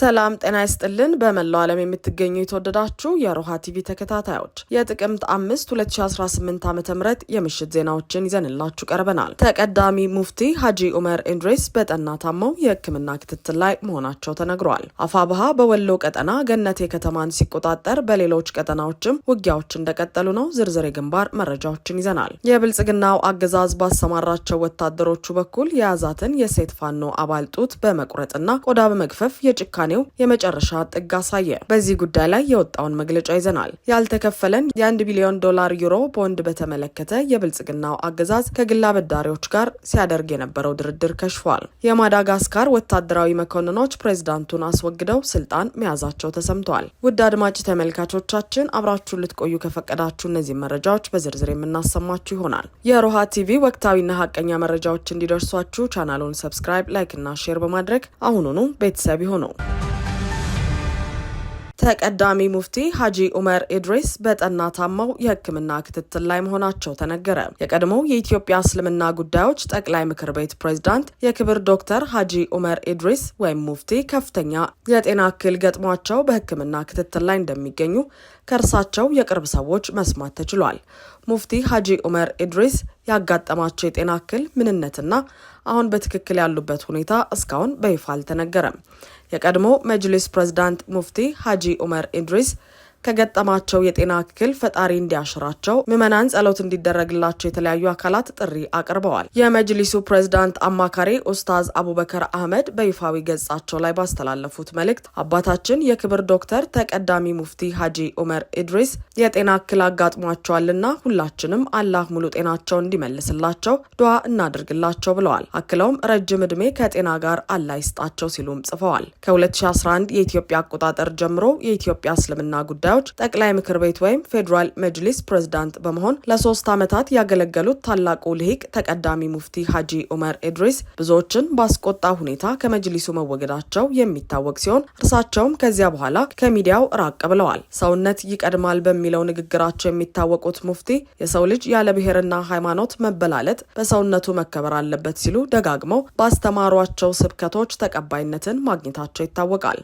ሰላም ጤና ይስጥልን። በመላው ዓለም የምትገኙ የተወደዳችሁ የሮሃ ቲቪ ተከታታዮች የጥቅምት አምስት 2018 ዓ ም የምሽት ዜናዎችን ይዘንላችሁ ቀርበናል። ተቀዳሚ ሙፍቲ ሀጂ ኡመር ኢንድሬስ በጠና ታመው የሕክምና ክትትል ላይ መሆናቸው ተነግሯል። አፋብሃ በወሎ ቀጠና ገነቴ ከተማን ሲቆጣጠር በሌሎች ቀጠናዎችም ውጊያዎች እንደቀጠሉ ነው። ዝርዝር የግንባር መረጃዎችን ይዘናል። የብልጽግናው አገዛዝ ባሰማራቸው ወታደሮቹ በኩል የያዛትን የሴት ፋኖ አባል ጡት በመቁረጥና ቆዳ በመግፈፍ የጭካ ውሳኔው የመጨረሻ ጥግ አሳየ። በዚህ ጉዳይ ላይ የወጣውን መግለጫ ይዘናል። ያልተከፈለን የአንድ ቢሊዮን ዶላር ዩሮ ቦንድ በተመለከተ የብልጽግናው አገዛዝ ከግል አበዳሪዎች ጋር ሲያደርግ የነበረው ድርድር ከሽፏል። የማዳጋስካር ወታደራዊ መኮንኖች ፕሬዝዳንቱን አስወግደው ስልጣን መያዛቸው ተሰምቷል። ውድ አድማጭ ተመልካቾቻችን አብራችሁን ልትቆዩ ከፈቀዳችሁ እነዚህ መረጃዎች በዝርዝር የምናሰማችሁ ይሆናል። የሮሃ ቲቪ ወቅታዊና ሀቀኛ መረጃዎች እንዲደርሷችሁ ቻናሉን ሰብስክራይብ፣ ላይክና ሼር በማድረግ አሁኑኑ ቤተሰብ ይሁኑ። ተቀዳሚ ሙፍቲ ሀጂ ኡመር ኢድሪስ በጠና ታመው የሕክምና ክትትል ላይ መሆናቸው ተነገረ። የቀድሞው የኢትዮጵያ እስልምና ጉዳዮች ጠቅላይ ምክር ቤት ፕሬዝዳንት የክብር ዶክተር ሀጂ ኡመር ኢድሪስ ወይም ሙፍቲ ከፍተኛ የጤና እክል ገጥሟቸው በሕክምና ክትትል ላይ እንደሚገኙ ከእርሳቸው የቅርብ ሰዎች መስማት ተችሏል። ሙፍቲ ሀጂ ኡመር ኢድሪስ ያጋጠማቸው የጤና እክል ምንነትና አሁን በትክክል ያሉበት ሁኔታ እስካሁን በይፋ አልተነገረም። የቀድሞ መጅሊስ ፕሬዝዳንት ሙፍቲ ሀጂ ኡመር ኢድሪስ ከገጠማቸው የጤና እክል ፈጣሪ እንዲያሽራቸው ምዕመናን ጸሎት እንዲደረግላቸው የተለያዩ አካላት ጥሪ አቅርበዋል። የመጅሊሱ ፕሬዝዳንት አማካሪ ኡስታዝ አቡበከር አህመድ በይፋዊ ገጻቸው ላይ ባስተላለፉት መልእክት አባታችን የክብር ዶክተር ተቀዳሚ ሙፍቲ ሀጂ ኡመር ኢድሪስ የጤና እክል አጋጥሟቸዋልና ሁላችንም አላህ ሙሉ ጤናቸው እንዲመልስላቸው ዱዓ እናድርግላቸው ብለዋል። አክለውም ረጅም ዕድሜ ከጤና ጋር አላህ ይስጣቸው ሲሉም ጽፈዋል። ከ2011 የኢትዮጵያ አቆጣጠር ጀምሮ የኢትዮጵያ እስልምና ጉዳዮች ጉዳዮች ጠቅላይ ምክር ቤት ወይም ፌዴራል መጅሊስ ፕሬዝዳንት በመሆን ለሶስት ዓመታት ያገለገሉት ታላቁ ልሂቅ ተቀዳሚ ሙፍቲ ሀጂ ኡመር ኢድሪስ ብዙዎችን ባስቆጣ ሁኔታ ከመጅሊሱ መወገዳቸው የሚታወቅ ሲሆን እርሳቸውም ከዚያ በኋላ ከሚዲያው ራቅ ብለዋል። ሰውነት ይቀድማል በሚለው ንግግራቸው የሚታወቁት ሙፍቲ የሰው ልጅ ያለ ብሔርና ሃይማኖት መበላለጥ በሰውነቱ መከበር አለበት ሲሉ ደጋግመው ባስተማሯቸው ስብከቶች ተቀባይነትን ማግኘታቸው ይታወቃል።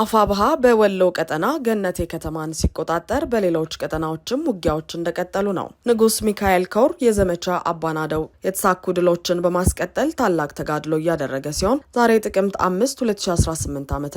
አፋብሃ በወሎ ቀጠና ገነቴ ከተማን ሲቆጣጠር በሌሎች ቀጠናዎችም ውጊያዎች እንደቀጠሉ ነው። ንጉስ ሚካኤል ኮር የዘመቻ አባናደው የተሳኩ ድሎችን በማስቀጠል ታላቅ ተጋድሎ እያደረገ ሲሆን ዛሬ ጥቅምት 5 2018 ዓ ም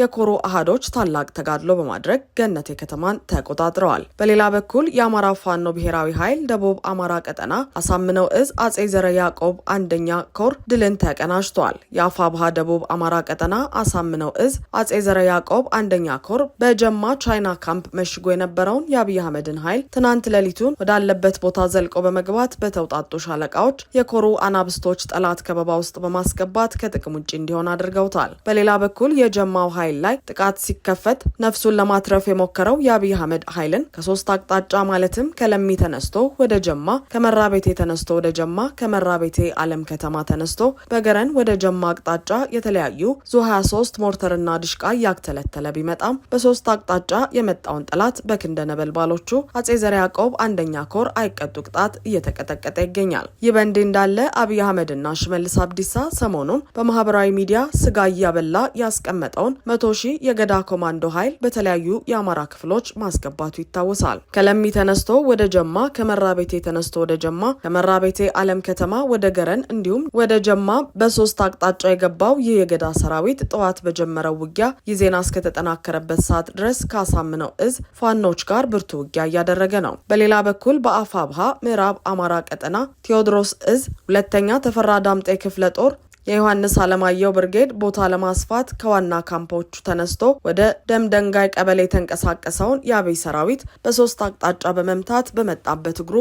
የኮሩ አህዶች ታላቅ ተጋድሎ በማድረግ ገነቴ ከተማን ተቆጣጥረዋል። በሌላ በኩል የአማራ ፋኖ ብሔራዊ ኃይል ደቡብ አማራ ቀጠና አሳምነው እዝ አጼ ዘረ ያዕቆብ አንደኛ ኮር ድልን ተቀናጅተዋል። የአፋብሃ ደቡብ አማራ ቀጠና አሳምነው እዝ አጼ ዘረ ዘረ ያዕቆብ አንደኛ ኮር በጀማ ቻይና ካምፕ መሽጎ የነበረውን የአብይ አህመድን ኃይል ትናንት ሌሊቱን ወዳለበት ቦታ ዘልቆ በመግባት በተውጣጡ ሻለቃዎች የኮሩ አናብስቶች ጠላት ከበባ ውስጥ በማስገባት ከጥቅም ውጭ እንዲሆን አድርገውታል። በሌላ በኩል የጀማው ኃይል ላይ ጥቃት ሲከፈት ነፍሱን ለማትረፍ የሞከረው የአብይ አህመድ ኃይልን ከሶስት አቅጣጫ ማለትም ከለሚ ተነስቶ ወደ ጀማ፣ ከመራ ቤቴ ተነስቶ ወደ ጀማ፣ ከመራ ቤቴ አለም ከተማ ተነስቶ በገረን ወደ ጀማ አቅጣጫ የተለያዩ ዙ 23 ሞርተርና ድሽቃ እያክተለተለ ቢመጣም በሶስት አቅጣጫ የመጣውን ጠላት በክንደ ነበልባሎቹ አጼ ዘርዓ ያዕቆብ አንደኛ ኮር አይቀጡ ቅጣት እየተቀጠቀጠ ይገኛል። ይህ በእንዲህ እንዳለ አብይ አህመድና ሽመልስ አብዲሳ ሰሞኑን በማህበራዊ ሚዲያ ስጋ እያበላ ያስቀመጠውን መቶ ሺህ የገዳ ኮማንዶ ኃይል በተለያዩ የአማራ ክፍሎች ማስገባቱ ይታወሳል። ከለሚ ተነስቶ ወደ ጀማ፣ ከመራ ቤቴ ተነስቶ ወደ ጀማ፣ ከመራቤቴ አለም ከተማ ወደ ገረን እንዲሁም ወደ ጀማ በሶስት አቅጣጫ የገባው ይህ የገዳ ሰራዊት ጠዋት በጀመረው ውጊያ ይ ዜና እስከተጠናከረበት ሰዓት ድረስ ካሳምነው እዝ ፋኖች ጋር ብርቱ ውጊያ እያደረገ ነው። በሌላ በኩል በአፋብሃ ምዕራብ አማራ ቀጠና ቴዎድሮስ እዝ ሁለተኛ ተፈራ ዳምጤ ክፍለ ጦር የዮሐንስ አለማየሁ ብርጌድ ቦታ ለማስፋት ከዋና ካምፖቹ ተነስቶ ወደ ደምደንጋይ ቀበሌ የተንቀሳቀሰውን የአብይ ሰራዊት በሶስት አቅጣጫ በመምታት በመጣበት እግሩ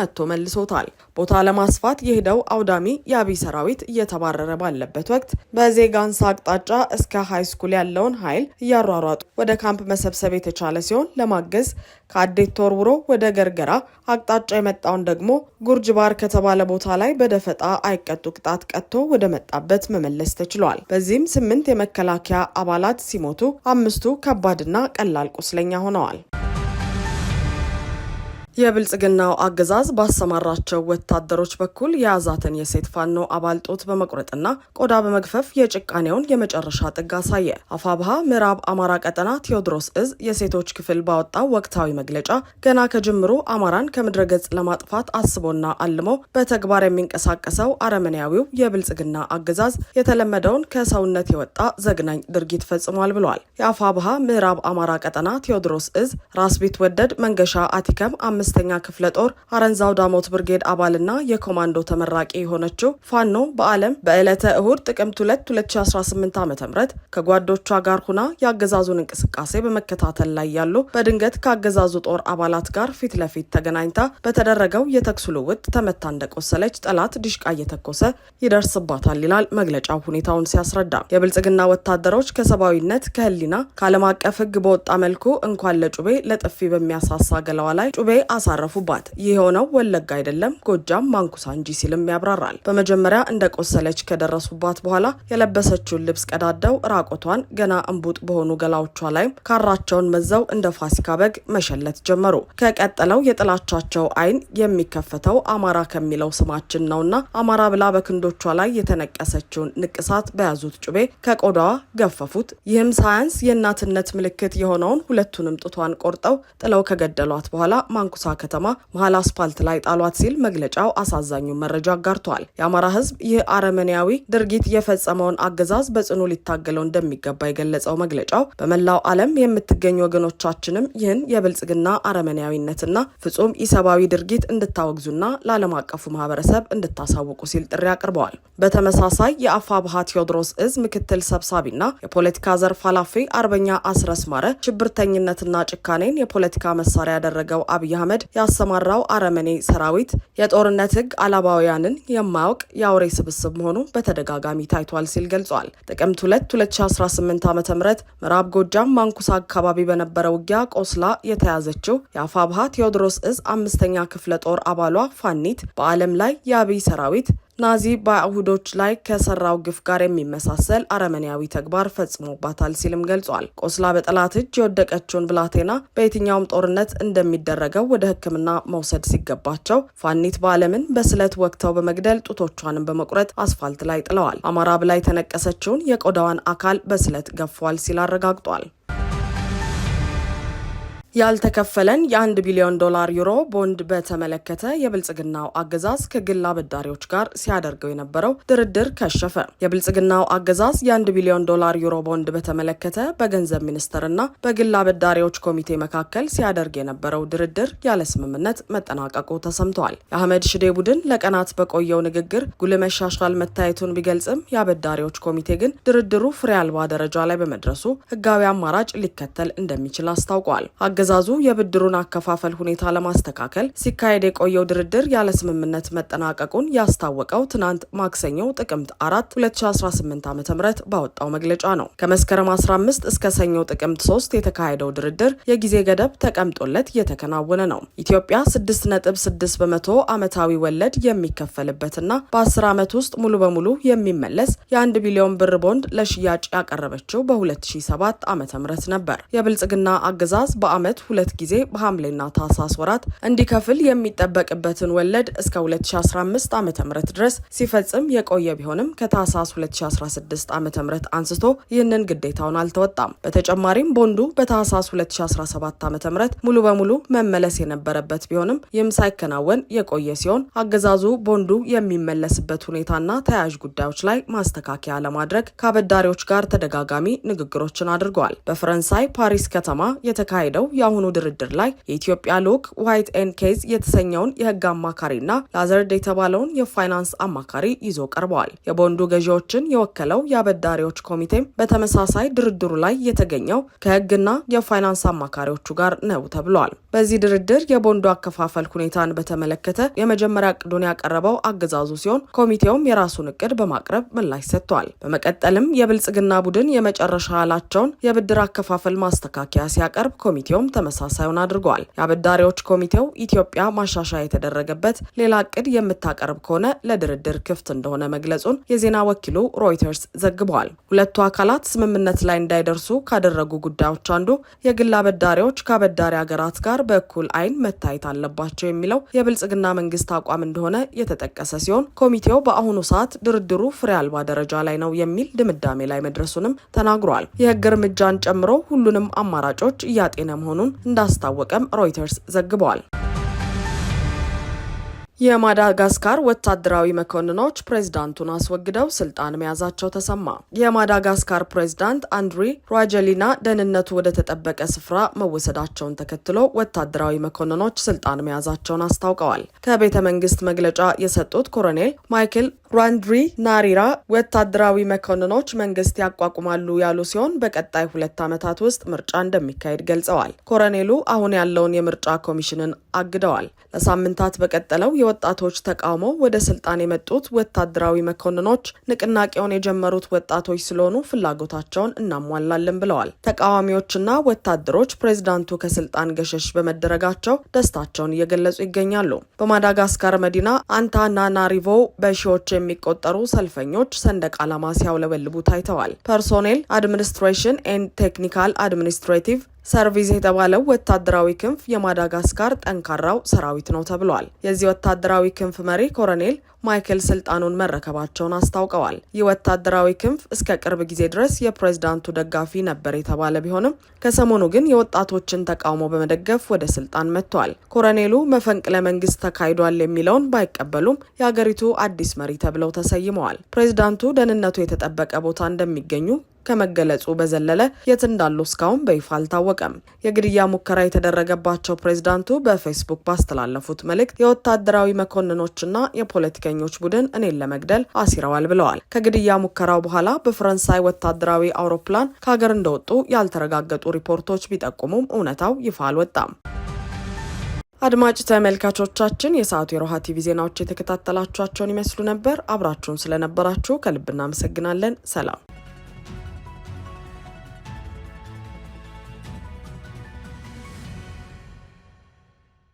መጥቶ መልሶታል። ቦታ ለማስፋት የሄደው አውዳሚ የአብይ ሰራዊት እየተባረረ ባለበት ወቅት በዜጋንሳ አቅጣጫ እስከ ሃይስኩል ያለውን ኃይል እያሯሯጡ ወደ ካምፕ መሰብሰብ የተቻለ ሲሆን ለማገዝ ከአዴት ተወርውሮ ወደ ገርገራ አቅጣጫ የመጣውን ደግሞ ጉርጅባር ከተባለ ቦታ ላይ በደፈጣ አይቀጡ ቅጣት ቀጥቶ ወደ መጣበት መመለስ ተችሏል። በዚህም ስምንት የመከላከያ አባላት ሲሞቱ አምስቱ ከባድና ቀላል ቁስለኛ ሆነዋል። የብልጽግናው አገዛዝ ባሰማራቸው ወታደሮች በኩል የያዛትን የሴት ፋኖ አባል ጡት በመቁረጥና ቆዳ በመግፈፍ የጭቃኔውን የመጨረሻ ጥግ አሳየ። አፋብሃ ምዕራብ አማራ ቀጠና ቴዎድሮስ እዝ የሴቶች ክፍል ባወጣው ወቅታዊ መግለጫ ገና ከጅምሩ አማራን ከምድረ ገጽ ለማጥፋት አስቦና አልሞ በተግባር የሚንቀሳቀሰው አረመኔያዊው የብልጽግና አገዛዝ የተለመደውን ከሰውነት የወጣ ዘግናኝ ድርጊት ፈጽሟል ብሏል። የአፋብሃ ምዕራብ አማራ ቀጠና ቴዎድሮስ እዝ ራስ ቢትወደድ መንገሻ አቲከም አምስተኛ ክፍለ ጦር አረንዛው ዳሞት ብርጌድ አባልና የኮማንዶ ተመራቂ የሆነችው ፋኖ በዓለም በዕለተ እሁድ ጥቅምት 2 2018 ዓ ም ከጓዶቿ ጋር ሁና የአገዛዙን እንቅስቃሴ በመከታተል ላይ ያሉ በድንገት ከአገዛዙ ጦር አባላት ጋር ፊት ለፊት ተገናኝታ በተደረገው የተኩስ ልውውጥ ተመታ እንደቆሰለች ጠላት ድሽቃ እየተኮሰ ይደርስባታል ይላል መግለጫው ሁኔታውን ሲያስረዳ። የብልጽግና ወታደሮች ከሰብአዊነት ከህሊና ከዓለም አቀፍ ህግ በወጣ መልኩ እንኳን ለጩቤ ለጥፊ በሚያሳሳ ገለዋ ላይ ጩቤ አሳረፉባት። ይህ የሆነው ወለጋ አይደለም ጎጃም ማንኩሳ እንጂ ሲልም ያብራራል። በመጀመሪያ እንደ ቆሰለች ከደረሱባት በኋላ የለበሰችውን ልብስ ቀዳደው ራቆቷን ገና እንቡጥ በሆኑ ገላዎቿ ላይም ካራቸውን መዘው እንደ ፋሲካ በግ መሸለት ጀመሩ። ከቀጠለው የጥላቻቸው አይን የሚከፈተው አማራ ከሚለው ስማችን ነውና አማራ ብላ በክንዶቿ ላይ የተነቀሰችውን ንቅሳት በያዙት ጩቤ ከቆዳዋ ገፈፉት። ይህም ሳያንስ የእናትነት ምልክት የሆነውን ሁለቱንም ጡቷን ቆርጠው ጥለው ከገደሏት በኋላ ማንኩሳ የአሶሳ ከተማ መሀል አስፓልት ላይ ጣሏት ሲል መግለጫው አሳዛኙን መረጃ አጋርቷል። የአማራ ህዝብ ይህ አረመኔያዊ ድርጊት የፈጸመውን አገዛዝ በጽኑ ሊታገለው እንደሚገባ የገለጸው መግለጫው በመላው ዓለም የምትገኙ ወገኖቻችንም ይህን የብልጽግና አረመኔያዊነትና ፍጹም ኢሰብአዊ ድርጊት እንድታወግዙና ለዓለም አቀፉ ማህበረሰብ እንድታሳውቁ ሲል ጥሪ አቅርበዋል። በተመሳሳይ የአፋ ብሃ ቴዎድሮስ እዝ ምክትል ሰብሳቢና የፖለቲካ ዘርፍ ኃላፊ አርበኛ አስረስ ማረ ሽብርተኝነትና ጭካኔን የፖለቲካ መሳሪያ ያደረገው አብይ አህመድ አህመድ ያሰማራው አረመኔ ሰራዊት የጦርነት ህግ አላባውያንን የማያውቅ የአውሬ ስብስብ መሆኑ በተደጋጋሚ ታይቷል ሲል ገልጿል። ጥቅምት 2 2018 ዓ ም ምዕራብ ጎጃም ማንኩሳ አካባቢ በነበረ ውጊያ ቆስላ የተያዘችው የአፋብሃ ቴዎድሮስ እዝ አምስተኛ ክፍለ ጦር አባሏ ፋኒት በዓለም ላይ የአብይ ሰራዊት ናዚ በአይሁዶች ላይ ከሰራው ግፍ ጋር የሚመሳሰል አረመኔያዊ ተግባር ፈጽሞባታል ሲልም ገልጿል። ቆስላ በጠላት እጅ የወደቀችውን ብላቴና በየትኛውም ጦርነት እንደሚደረገው ወደ ሕክምና መውሰድ ሲገባቸው ፋኒት በዓለምን በስለት ወግተው በመግደል ጡቶቿንም በመቁረጥ አስፋልት ላይ ጥለዋል። አማራ ብላ የተነቀሰችውን የቆዳዋን አካል በስለት ገፏል ሲል አረጋግጧል። ያልተከፈለን የአንድ ቢሊዮን ዶላር ዩሮ ቦንድ በተመለከተ የብልጽግናው አገዛዝ ከግል አበዳሪዎች ጋር ሲያደርገው የነበረው ድርድር ከሸፈ። የብልጽግናው አገዛዝ የአንድ ቢሊዮን ዶላር ዩሮ ቦንድ በተመለከተ በገንዘብ ሚኒስቴርና በግል አበዳሪዎች ኮሚቴ መካከል ሲያደርግ የነበረው ድርድር ያለ ስምምነት መጠናቀቁ ተሰምተዋል። የአህመድ ሽዴ ቡድን ለቀናት በቆየው ንግግር ጉል መሻሻል መታየቱን ቢገልጽም የአበዳሪዎች ኮሚቴ ግን ድርድሩ ፍሬ አልባ ደረጃ ላይ በመድረሱ ህጋዊ አማራጭ ሊከተል እንደሚችል አስታውቋል። አገዛዙ የብድሩን አከፋፈል ሁኔታ ለማስተካከል ሲካሄድ የቆየው ድርድር ያለ ስምምነት መጠናቀቁን ያስታወቀው ትናንት ማክሰኞ ጥቅምት አራት 2018 ዓ ም ባወጣው መግለጫ ነው። ከመስከረም 15 እስከ ሰኞ ጥቅምት 3 የተካሄደው ድርድር የጊዜ ገደብ ተቀምጦለት እየተከናወነ ነው። ኢትዮጵያ 6.6 በመቶ ዓመታዊ ወለድ የሚከፈልበትና በ10 ዓመት ውስጥ ሙሉ በሙሉ የሚመለስ የ1 ቢሊዮን ብር ቦንድ ለሽያጭ ያቀረበችው በ2007 ዓ ም ነበር። የብልጽግና አገዛዝ በዓመት በዓመት ሁለት ጊዜ በሐምሌና ታህሳስ ወራት እንዲከፍል የሚጠበቅበትን ወለድ እስከ 2015 ዓ ም ድረስ ሲፈጽም የቆየ ቢሆንም ከታህሳስ 2016 ዓ ም አንስቶ ይህንን ግዴታውን አልተወጣም። በተጨማሪም ቦንዱ በታህሳስ 2017 ዓ ም ሙሉ በሙሉ መመለስ የነበረበት ቢሆንም ይህም ሳይከናወን የቆየ ሲሆን አገዛዙ ቦንዱ የሚመለስበት ሁኔታና ተያያዥ ጉዳዮች ላይ ማስተካከያ ለማድረግ ከአበዳሪዎች ጋር ተደጋጋሚ ንግግሮችን አድርገዋል። በፈረንሳይ ፓሪስ ከተማ የተካሄደው የአሁኑ ድርድር ላይ የኢትዮጵያ ልዑክ ዋይት ኤን ኬዝ የተሰኘውን የህግ አማካሪና ላዘርድ የተባለውን የፋይናንስ አማካሪ ይዞ ቀርበዋል። የቦንዱ ገዢዎችን የወከለው የአበዳሪዎች ኮሚቴም በተመሳሳይ ድርድሩ ላይ የተገኘው ከህግና የፋይናንስ አማካሪዎቹ ጋር ነው ተብሏል። በዚህ ድርድር የቦንዱ አከፋፈል ሁኔታን በተመለከተ የመጀመሪያ እቅዱን ያቀረበው አገዛዙ ሲሆን ኮሚቴውም የራሱን እቅድ በማቅረብ ምላሽ ሰጥቷል። በመቀጠልም የብልጽግና ቡድን የመጨረሻ ያላቸውን የብድር አከፋፈል ማስተካከያ ሲያቀርብ ኮሚቴውም ተመሳሳዩን አድርጓል። የአበዳሪዎች ኮሚቴው ኢትዮጵያ ማሻሻያ የተደረገበት ሌላ እቅድ የምታቀርብ ከሆነ ለድርድር ክፍት እንደሆነ መግለጹን የዜና ወኪሉ ሮይተርስ ዘግቧል። ሁለቱ አካላት ስምምነት ላይ እንዳይደርሱ ካደረጉ ጉዳዮች አንዱ የግል አበዳሪዎች ከአበዳሪ ሀገራት ጋር በእኩል አይን መታየት አለባቸው የሚለው የብልጽግና መንግስት አቋም እንደሆነ የተጠቀሰ ሲሆን ኮሚቴው በአሁኑ ሰዓት ድርድሩ ፍሬ አልባ ደረጃ ላይ ነው የሚል ድምዳሜ ላይ መድረሱንም ተናግሯል። የህግ እርምጃን ጨምሮ ሁሉንም አማራጮች እያጤነ መሆኑን መሆኑን እንዳስታወቀም ሮይተርስ ዘግቧል። የማዳጋስካር ወታደራዊ መኮንኖች ፕሬዝዳንቱን አስወግደው ስልጣን መያዛቸው ተሰማ። የማዳጋስካር ፕሬዝዳንት አንድሪ ሯጀሊና ደህንነቱ ወደ ተጠበቀ ስፍራ መወሰዳቸውን ተከትሎ ወታደራዊ መኮንኖች ስልጣን መያዛቸውን አስታውቀዋል። ከቤተ መንግስት መግለጫ የሰጡት ኮሎኔል ማይክል ራንድሪ ናሪራ ወታደራዊ መኮንኖች መንግስት ያቋቁማሉ ያሉ ሲሆን በቀጣይ ሁለት ዓመታት ውስጥ ምርጫ እንደሚካሄድ ገልጸዋል። ኮሎኔሉ አሁን ያለውን የምርጫ ኮሚሽንን አግደዋል። ለሳምንታት በቀጠለው የወጣቶች ተቃውሞ ወደ ስልጣን የመጡት ወታደራዊ መኮንኖች ንቅናቄውን የጀመሩት ወጣቶች ስለሆኑ ፍላጎታቸውን እናሟላለን ብለዋል። ተቃዋሚዎችና ወታደሮች ፕሬዝዳንቱ ከስልጣን ገሸሽ በመደረጋቸው ደስታቸውን እየገለጹ ይገኛሉ። በማዳጋስካር መዲና አንታናናሪቮ በሺዎች የሚቆጠሩ ሰልፈኞች ሰንደቅ ዓላማ ሲያውለበልቡ ታይተዋል። ፐርሶኔል አድሚኒስትሬሽን ኤንድ ቴክኒካል አድሚኒስትሬቲቭ ሰርቪስ የተባለው ወታደራዊ ክንፍ የማዳጋስካር ጠንካራው ሰራዊት ነው ተብሏል። የዚህ ወታደራዊ ክንፍ መሪ ኮሎኔል ማይክል ስልጣኑን መረከባቸውን አስታውቀዋል። ይህ ወታደራዊ ክንፍ እስከ ቅርብ ጊዜ ድረስ የፕሬዝዳንቱ ደጋፊ ነበር የተባለ ቢሆንም ከሰሞኑ ግን የወጣቶችን ተቃውሞ በመደገፍ ወደ ስልጣን መጥተዋል። ኮረኔሉ መፈንቅለ መንግስት ተካሂዷል የሚለውን ባይቀበሉም የአገሪቱ አዲስ መሪ ተብለው ተሰይመዋል። ፕሬዝዳንቱ ደህንነቱ የተጠበቀ ቦታ እንደሚገኙ ከመገለጹ በዘለለ የት እንዳሉ እስካሁን በይፋ አልታወቀም። የግድያ ሙከራ የተደረገባቸው ፕሬዝዳንቱ በፌስቡክ ባስተላለፉት መልእክት የወታደራዊ መኮንኖችና የፖለቲከ የነውጠኞች ቡድን እኔን ለመግደል አሲረዋል ብለዋል። ከግድያ ሙከራው በኋላ በፈረንሳይ ወታደራዊ አውሮፕላን ከሀገር እንደወጡ ያልተረጋገጡ ሪፖርቶች ቢጠቁሙም እውነታው ይፋ አልወጣም። አድማጭ ተመልካቾቻችን የሰዓቱ የሮሃ ቲቪ ዜናዎች የተከታተላችኋቸውን ይመስሉ ነበር። አብራችሁን ስለነበራችሁ ከልብ እናመሰግናለን። ሰላም